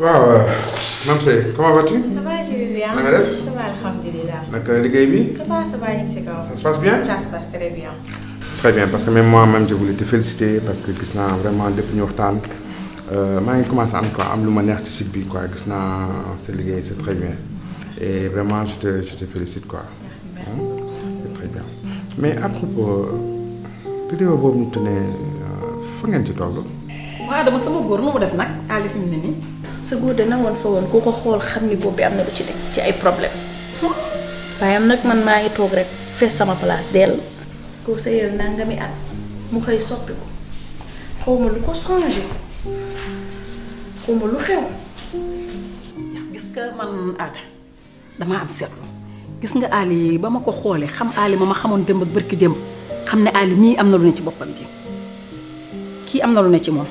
waaw Namsé comment vas-tu. ça va je vais bien. comment nga ça va alhamdulilah. naka euh, liggéey bi. ça va ça va kaw. ça se passe bien. ça se passe très bien. très bien parce que même moi même je voulais te féliciter parce que gis vraiment depuis ñu waxtaan euh, maa ngi commencé à quoi am manière de neex ci site bi quoi gis c'est sa c'est très bien et vraiment je te je te félicite quoi. merci hein? merci. c'est très bien mais à propos vidéo boobu ñu tourné euh, fa ngeen ci toll. waaw dama sama góor nu mu def nag à l' sa góor de nangoon fa woon ku ko xool xam ni boobu bi am na lu ci nekk ci ay problème waaye am nag man maa ngi toog rek fees sama place dell koo sëyal nangami at mu xëy soppi ko xaw ma lu ko changé xaw ma lu xew gis nga man aada am seetlu gis nga Ali ba ma ko xoolee xam Ali ma ma xamoon démb ak bërki démb xam ne àll mii am na lu ne ci boppam bi kii am na lu ne ci moom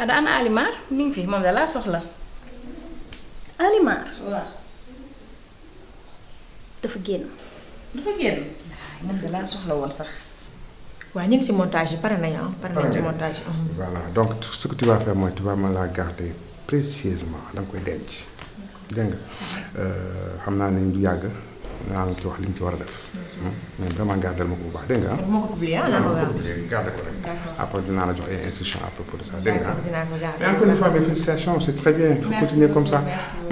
ah da ana Alimar mi fi moom da laa soxla. Alimar. waaw. dafa génn. dafa génn. moom laa soxla woon sax. waaw ñu ngi ci montage yi pare nañu ah. pare nañu ci montage yi. Ah. voilà donc ce que tu vas faire mooy tu vas me la précieusement da koy denc. dégg euh, xam naa ne du yàgg. danaa ci wax li mu ci war a def. Hmm? mais vraiment gardel ma ko bu baax dégg nga. dama ko publier ah ko garde ko rek. après dinaa la jox ay instructions à propos de ça dégg nga. mais encore une fois mes félicitations c'est très bien. il faut continuer comme ça.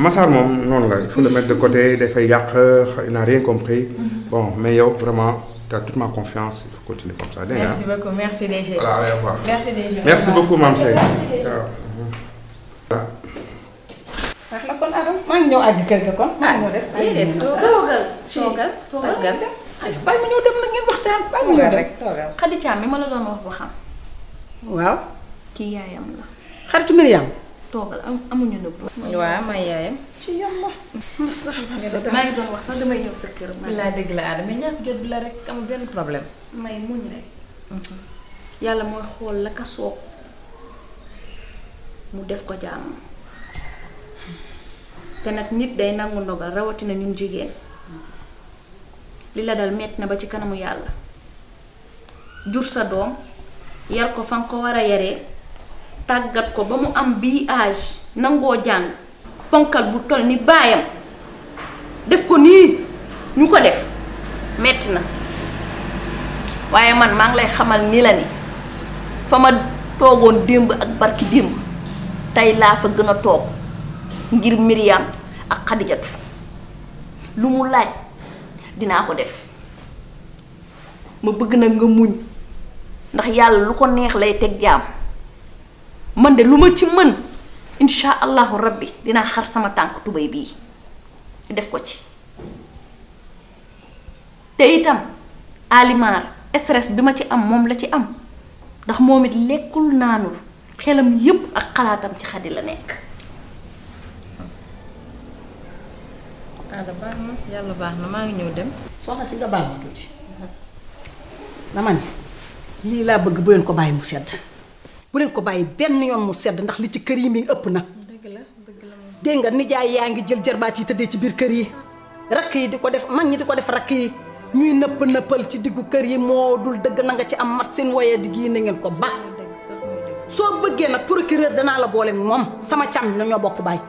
Massar moom noonu la il faut le mettre de côté dafay yàq il n'a rien compris. Mm-hmm. bon mais yow vraiment. tu as toute ma confiance il faut continuer comme ça. dégg nga merci beaucoup merci DG. voilà au revoir merci DG. merci beaucoup Mame Seye. tax ah, na kon Adam maa ngi ñëw àgg kër ga kon. maa ngi ñëw ma ñëw dem na ngeen waxtaan bàyyi ma ñëw dem. toogal xadi caam mi ma la doon wax bu xam. waaw. kii yaayam la. xaritu Mariam. toogal amuñu nëbb. waaw ma yaayam. ci yàlla. macha maa ngi doon wax sax damay ñëw sa kër. laa dégg la Adam mais ñàkk jot bi la rek am benn problème. may muñ rek. Mhm. yàlla mooy xool la ka soog mu def ko jaamu. te nag nit day nangu ndogal rawatina ñun jigéen li la dal metti na ba ci kanamu yàlla jur sa doom yar ko fa nga ko war a yaree tàggat ko ba mu am bii âge nangoo jàng ponkal bu toll ni baayam def ko nii ñu ko def metti na waaye man maa ngi lay xamal ni la ni fa ma toogoon démb ak barki démb tey laa fa gën a toog ngir Myriam ak Xadijatu lu mu laaj dinaa ko def ma bëgg nag nga muñ ndax yàlla lu ko neex lay teg jaam man de lu ma ci mën insha allahu rabbi dinaa xar sama tànk tubéy bii def ko ci te itam alimaar stress bi ma ci am moom la ci am ndax moom it lekkul naanul xelam yépp ak xalaatam ci xadi la nekk yàlla baax na yàlla baax na maa ngi ñëw dem. soxna si nga baal ma tuuti. dama ne lii laa bëgg bu leen ko bàyyi mu sedd bu leen ko bàyyi benn yoon mu sedd ndax li ci kër yi mi ëpp na. dégg nga nijaay yaa ngi jël jarbaat yi tëddee ci biir kër yi rakk yi di ko def mag ñi di ko def rakk yi ñuy nëpp nëppal ci diggu kër am mat seen woyee di na ngeen ko ba soo bëggee nag procureur danaa la moom sama càmm la ñoo bokk bàyyi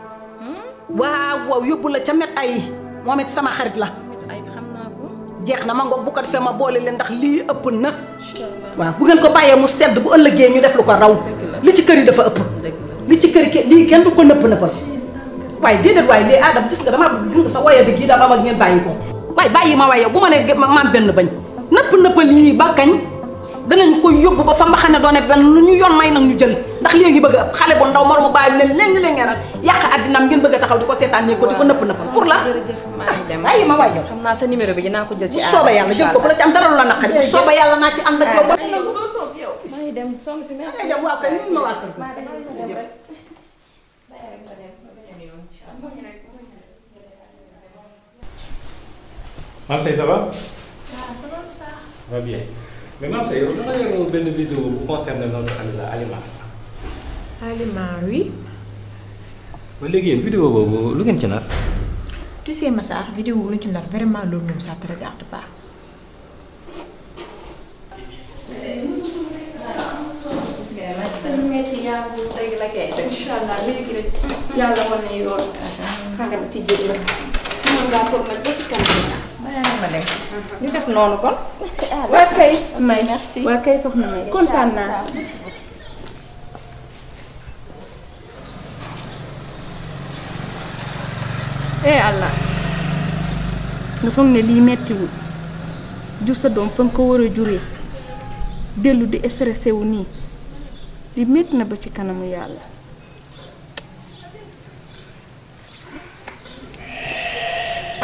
waaw waaw yóbbu la ca met ay moom sama xarit la ay bi xam naa ko jeex na ma ngoog bu ko defee boole leen ndax lii ëpp na waaw bu ngeen ko bàyyee mu sedd bu ëllëgee ñu def lu ko raw li ci kër yi dafa ëpp li ci kër yi lii kenn du ko nëpp nëppal waaye déedéet waaye lii aadam gis nga damaa bëgg gis nga sa waye bi gii daa baba ngeen bàyyi ko waaye bàyyi ma waye bu ma ne maam benn bañ nëpp nëppal yii ba kañ danañ ko yóbbu ba fa mbaxane doone benn ñu yoon may nag ñu jël ndax léegi bëgg xalé bu ndaw moromu bàyyi leen léegi leen ngeenal yaq addinaam ngeen bëgg taxaw diko ko ne ko diko nepp nepp pour la ay ma waay yow xam sa numéro bi dina ko jël ci soba yalla jël ko bu la ci am dara lu la nakari soba yalla na ci and ak yow may dem soxna si merci ay dem wa ko nit ma wa ko Mam Sey ça va? Ah, ça va ça. Va bien. Mais Mam Sey, on a une belle vidéo concernant notre ami Alima. aliment oui. ba léegi yéen vidéo boobu lu ngeen ci nar. tu sais Massa vidéo lu ñu ci nar vraiment loolu moom ça te regarde pas. ñu def noonu kon. waa kay. may merci waa kay soxna may kontaan naa. eh Allah nga foog ne lii mettiwul jur sa doom fa nga ko war a juree dellu di stressé wu nii li metti na ba ci kanamu yàlla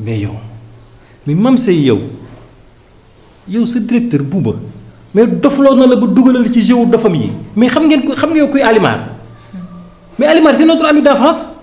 mais yow mais mam say yow yow sa directeur buuba mais dofloo na la ba dugalal ci jeu dofam yi mais xam ngeen xam nga yow kuy Alimar mais Alimar c'est notre ami d'enfance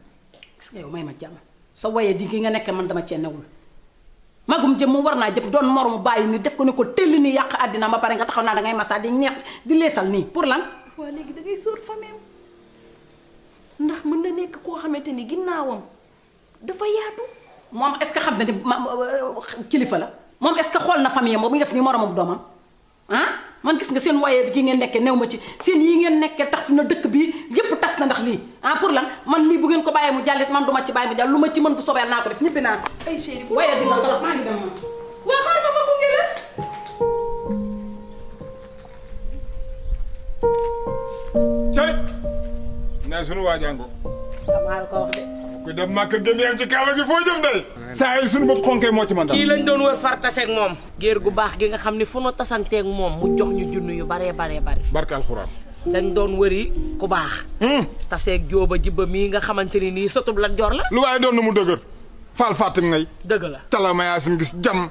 gis may ma jàmm sa waye di nga nekk man dama cee newul magum jëm mu war naa jëm doon moromu bàyyi ni def ko ne ko tëll ni yàq àddina ba pare nga taxaw naa dangay massa di neex di leesal nii pour lan. waaw léegi dangay sóor fameem ndax mën na nekk koo xamante ni ginnaawam dafa yaatu. moom est-ce que xam na ni ma kilifa la moom est-ce que xool na famille am bu ñu def ni moromam doomam ah. man gis nga seen waye gi ngeen nekke newma ci seen yi ngeen nekke tax fi na dëkk bi yépp tass na ndax li ah pour lan man li bu ngeen ko bàyyee mu jàllit man duma ci bàyyi mu jall luma ci man bu sobeel na ko def ñibbi naa ay chéri wayet gi nga torop maa ngi dem man xaar ma ko ngeen cay na sunu waajango amaal ah, ko wax de ku dem mak gem yam ci kaala gi foo jëm day saa suñu bopp xonkee moo ci man kii lañ doon wër far taseeg moom géer gu baax gi nga xam ni fu nu tasanteeg moom mu jox ñu junn yu baree baree bari barke alxuraan dañ doon wëri ku baax hmm. taseeg jóoba jibba mii nga xamante ni sotub la jor la lu doon mu fatim ngay la sin gis jam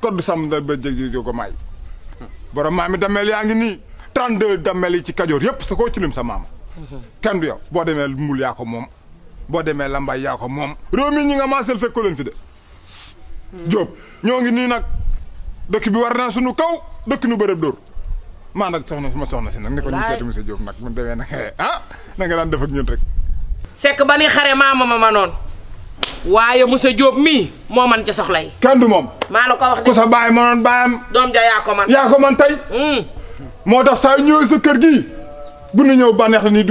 kodd sam da ba jëg jóg ko may borom maami damel yaa ngi 32 damel ci kajoor yépp sa koo ci lim sa hmm. du yow ko bo demee lambay ya ko mom réew mi ñi nga maasal fekkoo leen fi de job ñoo ngi nii nag dëkk bi warna suñu kaw dëkk ñu bëreb dor ma nak soxna sama soxna si nak ne ko ñu sétu monsieur job nak mu déwé nak ha na nga daan def ak ñun rek sék ba ni xare ma ma noonu monsieur job mi mo man ci soxlay du la ko wax ko sa baye ma noon baayam ja ya ko man ya ko man hmm. tax sa sa kër gi bu ñu ñew banex ni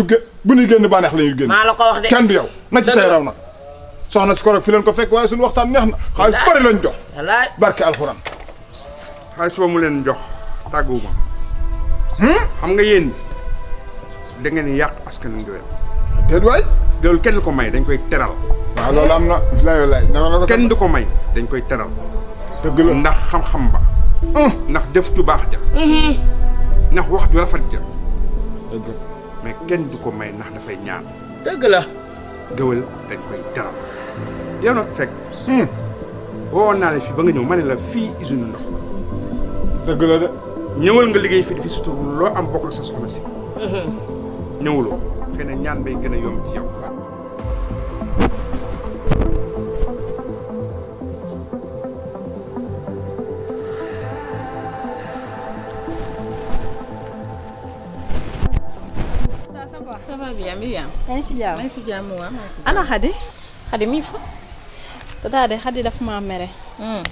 bu ñuy génn bànneex la ñuy génn. maa la ko wax de kenn du yow. na ci say raw nag soxna si korog fi leen ko fekk waaye suñu waxtaan neex na. xaalis bari lañ jox. walaay barke alxuraan. xaalis boobu mu leen jox tàggu ma. Hmm? nga yéen da ngeen yàq askan wi ngeen. déedéet kenn ko may dañ koy teral. waaw am na layoo lay. na kenn du may dañ koy teral. ndax xam-xam ba. Hmm. ndax def du baax ja. Hmm. ndax wax ju rafet ja. mais kenn du ko may ndax dafay ñaan. dëgg la. gëwël dañ koy teral yow nag Seck. Hmm, woowoon naa la fii ba nga ñëw ma ne la fii usine ndox la. la de. ñëwal nga liggéey fii di fi sutur loo am bokk sa soxna si. ñëwuloo xëy ñaan bay gën a yomb ci yow. jàmm yi ya. yaam yaa ngi si jàmm maa ngi si jàmm waaw maa ngi si jàmm ana Xadi Xadi mi fa tota te daal de Xadi dafa maa mere waaw mm.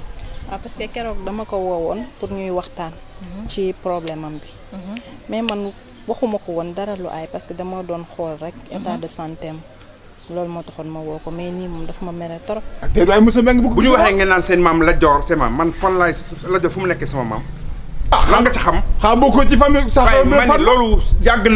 ah, parce que keroog dama ko woowoon pour ñuy waxtaan mm-hmm. ci problème am bi mm-hmm. mais man waxuma ko woon dara lu aay parce que dama doon xool rek mm-hmm. état de santé am man fan laay la joor fu mu nekkee sama maam ah, lan nga ci xam xaa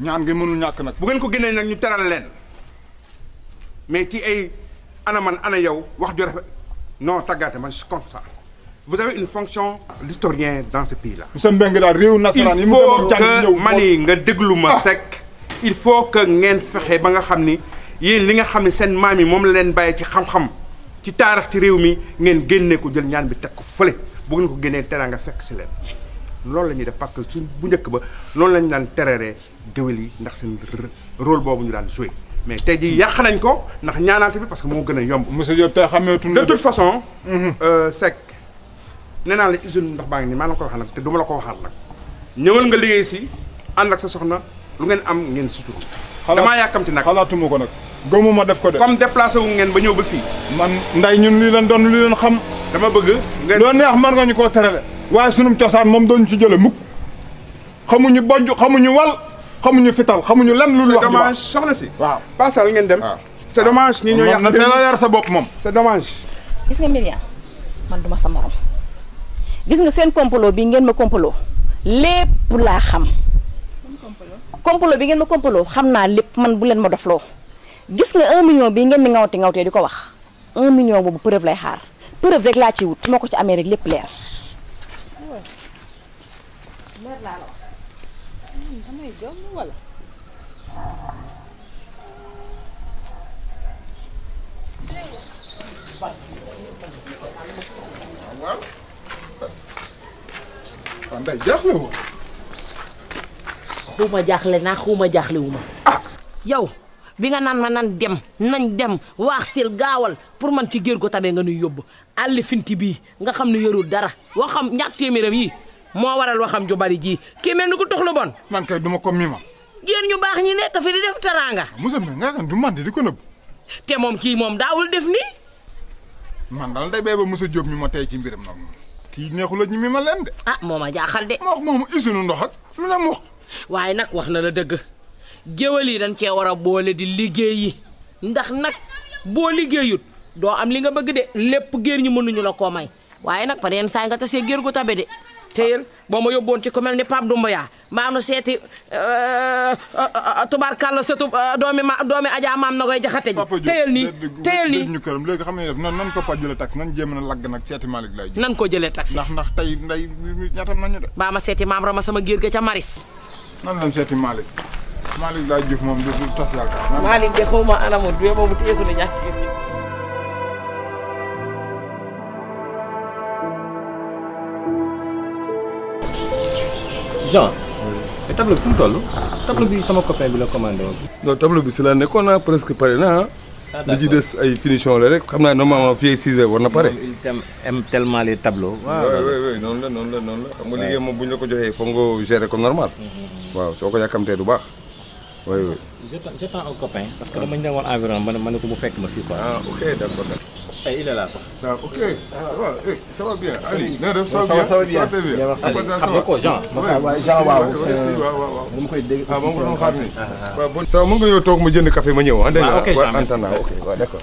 ñaan gi mënul ñak nak bu ngeen ko génnee nak ñu téral leen mais ci ay ana man ana yow wax ju non tagaté man je suis comme ça. vous avez une fonction d'historien dans ce pays là. monsieur Mbengue daal réew nasaraan yi mu demoon jàng ñëw il faut que mani nga déglu ma ah. sec il faut que ngeen fexé ba nga xamni yeen li nga xamni sen mami mom la leen bàyyi ci xam-xam ci taarix ci réew mi ngeen gënné ko jël ñaan bi teg ko fële bu ngeen ko génnee teraanga fekk ci leen loolu la ñuy def parce que suñ bu njëkk ba loolu lañu daan tereree géwél yi ndax seen rôle boobu ñu daan joué mais tey jii yàq nañ ko ndax ñaanaante bi parce que moo gën a yomb. monsieur Diop tey xameetuñu de toute façon. Mhm. Euh, Seck nee naa la usine ndox baa ngi nii maa la ko waxal nag te duma la ko waxal nag ñëwal nga liggéey si ànd ak sa soxna lu ngeen am ngeen suturu. damaa yàkkamti nag xalaatuma ko nag. gomuma def ko def comme déplacer wu ngeen ba ñëw ba fi man nday ñun li leen doon li leen xam dama bëgg ngeen do neex man nga ñu koo terale waaye sunum cosaan moom doon ci jële mukk xamuñu bojj xamuñu wal xamuñu fital xamuñu lan lu wax dama soxna ci waaw passal ngeen dem c'est dommage ni ñoo yàq na la leer sa bop mom c'est dommage gis nga milia man duma sa morom gis nga seen complot bi ngeen ma complot lépp la xam complot bi ngeen ma complot xamna naa lépp man bu len ma doflo gis nga 1 million bii ngeen di ngawti ngawtee di ko wax 1 million boobu preuve lay xaar preuve rek laa ci wut su ko ci amee rek lépp leer. Hmm, waaw Ndeye jaaxle xuuma jaaxle naa xuuma jaaxle ah! yow. bi nga nan ma nan dem nañ dem wax sil gawal pour man ci géer gu tabee nga nuy yob àll finti bi nga xam ne yorul dara waxam ñaar téeméeram yi mo waral waxam ju bari ji ki melni ku bon man kay duma ko mima ñu bax ñi nek fi di def taranga ah, musa me nga kan du man di ko neub te mom ki mom daawul def ni man dal day musa job mi ma ci mbirum nak ki neexul ah moma jaaxal de mo mom isunu ndox ak lu ne mo waye nak wax na la deug geewal yi dañ cee war a boole di yi ndax nag boo liggéeyut doo am li nga bëgg de lépp géer ñi mënuñu la koo may waaye nag par yenn saa nga tasee géer gu tabe de teyel boo ma yóbboon ci ku mel ni Pape Dumba yaa maa nu seeti euh, euh, tubaarkàlla sa tub euh, doomi ma doomi Adja maam na koy jaxate ji. teyel nii teyel nii ñu këram léegi xam nga def nan ko pa jëlee taxi nan jëm na lag nag seeti malik lay nan ko jëlé tax ndax ndax tey nday ñatam nañu de. ba ma seeti maam Rama sama géer ga ca Maris. nan lañ seeti malik Malick laa Diouf moom du du tas yaakaar. Malick de xaw ma anamut du boobu téye suñu ñaar tableau bi fu mu sama copain bi la commandé woon. non tableau bi si la nekkoon naa ah, presque pare naa ah. ah. li ci des ay finition la rek xam naa normalement fii ay 6 war na pare. il t'aime aime tellement les noonu la noonu la noonu la. xam nga liggéey moom bu ñu la ko joxee foog nga gérer comme mm-hmm. waaw soo ko yàkkamtee du baax. oui oui. j'attends un copain. parce que dama ñu demoon environ ma ne ko mu fekk ma fii quoi. ah ok d'accord. ay eh, il est là sax. ah ok ah, eh, bien Ali. na def ça va bien ça va bien. xam ah, ah, nga ko Jean. ñëw toog ma jënd café ma ñëw. ah dégg nga waaw antan ok d'accord.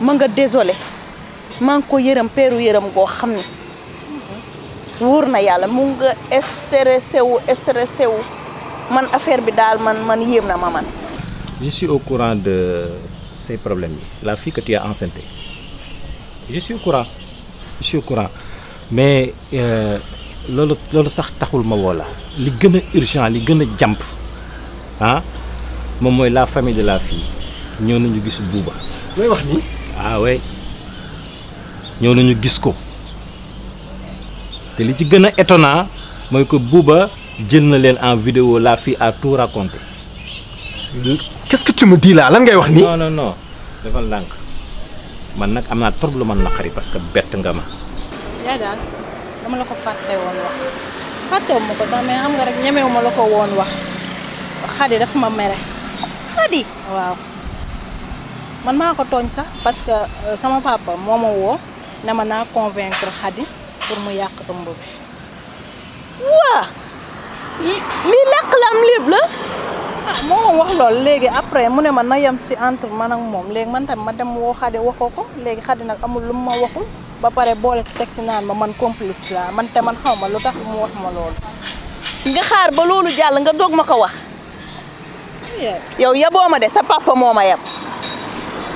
ma nga désolé maa ngi ko yërëm peeru yërëm goo xam ne wóor na yàlla mu nga stressé wu stressé wu man affaire bi daal man man yéem na ma man. je suis au courant de ces problèmes yi la fille que tu as enceinte je suis au courant je suis au courant mais euh, loolu loolu sax taxul ma woo la li gën a urgent li gën a jàmp ah moom mooy la famille de la fille ñoo nañu gis buuba. looy wax nii. ah ouais ñoo nañu gis ko té li ci gëna étonnant moy que Bouba jël na len en vidéo la fi a tout raconté. qu'est-ce que tu me dis là lan ngay wax ni. non non non dafa lank man nak amna problème trop lu man naqari parce que bête nga ma. ya dal dama la ko faté won wax faté mo ko sama xam nga rek ñemewu ma la ko won wax xadi dafa ma méré xadi waaw man maa ko tooñ sax parce que euh, sama papa momo wo na ne ma naa convaincre xadi pour mu yak ëmb bi wa li lak lam lib la ah wax lol legui après mune ma na yem ci entre man ak mom legui man tam ma dem wo xadi waxoo ko legui xadi nak amul lum ma waxul ba pare bolé ci teg si naan ma man complice la man te man xawma lutax mu wax ma lol nga xaar ba lolou jall nga dog mako wax yow yaboo ma de sa papa moma ma yab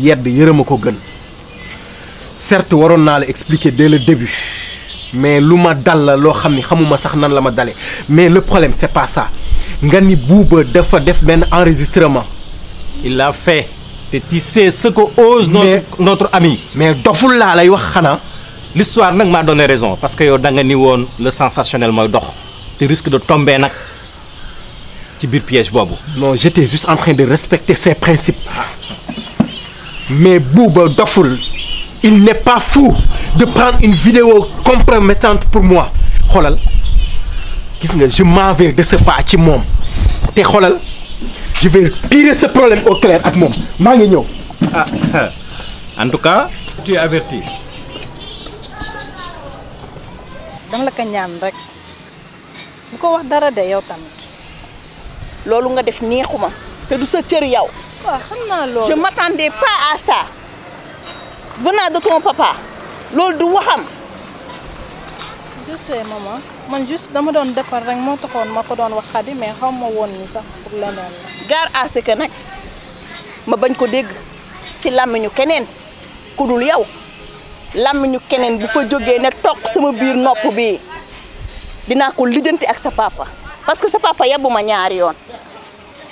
yedd yërëm ko gën certes waroon naa la expliquer dès le début mais lu ma dal la loo xam ni xamuma sax nan la ma dale mais le problème c'est pas ça nga ni buuba dafa def benn enregistrement il a fait te tu sais ce que ose notre notre ami mais doful laa lay wax xanaa l'histoire nag maa donné raison parce que yow da nga ni woon le sensationnel mooy dox te risque de tomber nag ci biir piège boobu non j'étais juste en train de respecter ses principes ah. Mais Bouba Dafoul, il n'est pas fou de prendre une vidéo compromettante pour moi. Regarde, je m'en vais de ce pas qui mom. je vais tirer ce problème au clair avec moi. Ah, en tout cas, tu es averti. dama la ko ñaan rek bu ko wax dara de yow tamit loolu nga def neexuma te du sa je m'attendais pas à ça venant de ton papa loolu du waxam. je sais maman man juste dama doon defar rek moo taxoon ma ko wax xadi mais xaw ma woon ni pour leneen la. gare à ce que nag ma bañ ko dégg si làmmiñu keneen ku dul yow làmmiñu keneen bu fa jógee ne toog sama biir nopp bi dinaa ko lijjanti ak sa papa parce que sa papa yebbu ma ñaari yoon.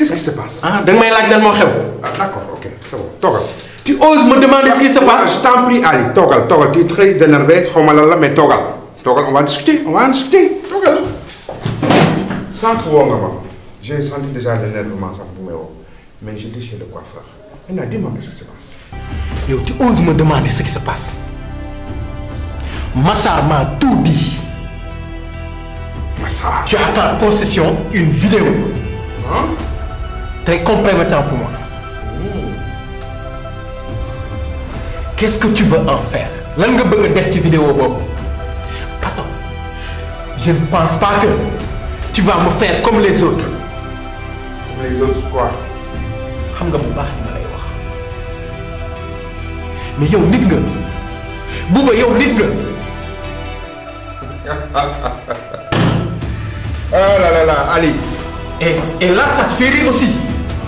qu'est-ce qui se passe. ah donc may ah d'accord ok c'est bon Togal. tu oses me demander ce qui se passe. Ah, je t'en prie Ali Togal, tu es très énervé xaw ma lan mais Togal. Togal, on va discuter on va discuter Togal. Sans trop nga maman. j'ai senti déjà l'énervement ça me mais j'étais chez le coiffeur maintenant dis-moi qu'est-ce qui se passe. tu oses me demander ce qui se passe Massar m'a tout dit. Massar. tu as ta possession une vidéo. Hein? très temps pour moi. Qu'est-ce que tu veux en faire lan nga bëgg a def ci vidéo boobu Attends, je ne pense pas que tu vas me faire comme les autres. comme les autres quoi. xam nga bu baax li veux lay wax mais yow nit nga Bouba yow nit nga. ah là là là allez. et et là ça te fait rire aussi.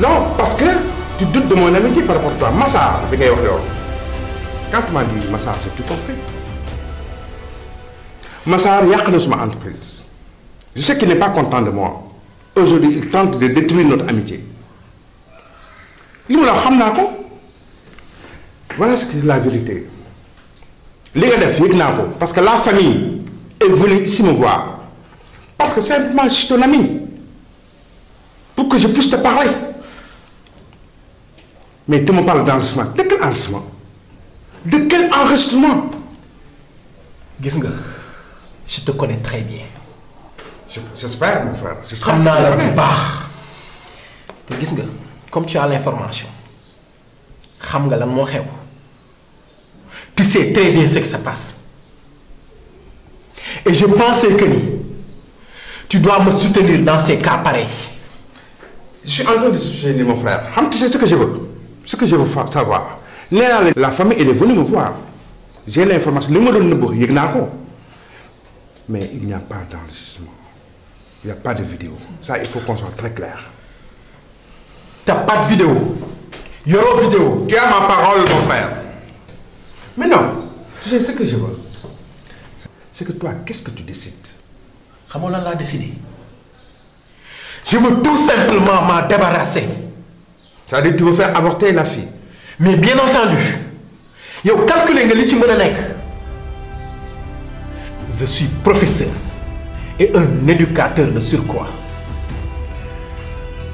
Non, parce que tu doutes de mon amitié par rapport à toi. Massard, quand tu m'as dit Massa, j'ai tout compris. Massard, que ma entreprise. Je sais qu'il n'est pas content de moi. Aujourd'hui, il tente de détruire notre amitié. Il me l'a Voilà ce que la vérité. Les gars, parce que la famille est venue ici me voir. Parce que simplement, je suis ton ami. Pour que je puisse te parler. Mais tu me parles d'enregistrement. De quel enregistrement De quel enregistrement Gisnga, je te connais très bien. J'espère, mon frère. J'espère. te gis nga comme tu as l'information tu sais très bien ce que ça passe et je pensais que tu dois me soutenir dans ces cas pareils. je suis en train de soutenir mon frère tu sais ce que je veux ce que je veux savoir la famille est venue me voir j'ai l'information mais il n'y a pas d'enregistrement il n'y a pas de vidéo ça il faut qu'on soit très clair Tu n'as pas de vidéo une vidéo tu as ma parole mon frère mais non tu ce que je veux c'est que toi qu'est-ce que tu décides Ramon l'a décidé je veux tout simplement m'en débarrasser c'est-à-dire tu veux faire avorter la fille mais bien entendu il calculer ce que que je suis professeur et un éducateur de surcroît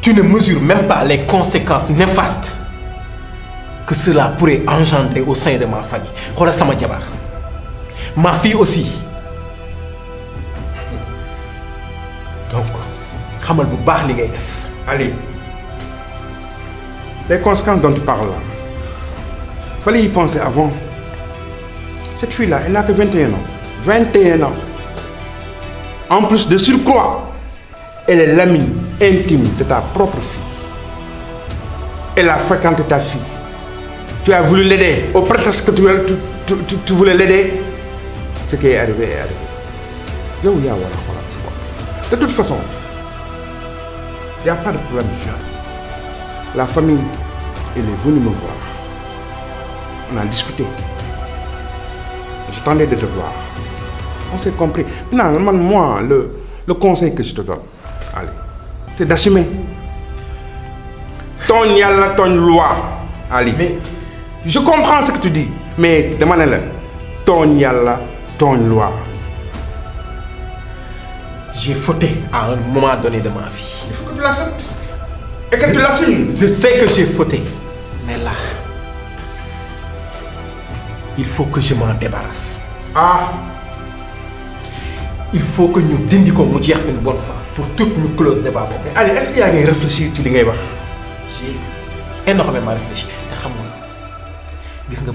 tu ne mesures même pas les conséquences néfastes que cela pourrait engendrer au sein de ma famille ma fille aussi donc tu bu allez les conséquences dont tu parles là, fallait y penser avant. Cette fille-là, elle n'a que 21 ans. 21 ans. En plus de surcroît, elle est l'amie intime de ta propre fille. Elle a fréquenté ta fille. Tu as voulu l'aider. Au prétexte que tu, tu voulais l'aider, ce qui est arrivé est arrivé. De toute façon, il n'y a pas de problème. La famille, est venue me voir. On a discuté. J'attendais de te voir. On s'est compris. Maintenant, moi, le, conseil que je te donne, allez, c'est d'assumer. Ton yalla, ton loi, allez. Mais je comprends ce que tu dis, mais demande-le. Ton yalla, ton loi. J'ai fauté à un moment donné de ma vie. Il faut que tu l'acceptes. Et que tu l'assumes. Je sais que j'ai fauté. Mais là, il faut que je m'en débarrasse. Ah Il faut que nous dindions nous dire une bonne fois pour toutes nos clauses de Mais allez, est-ce qu'il y a à réfléchir ce J'ai énormément réfléchi. Tu sais, tu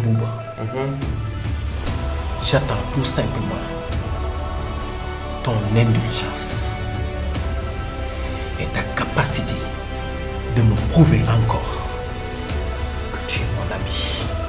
J'attends tout simplement ton indulgence et ta capacité de me prouver encore que tu es mon ami.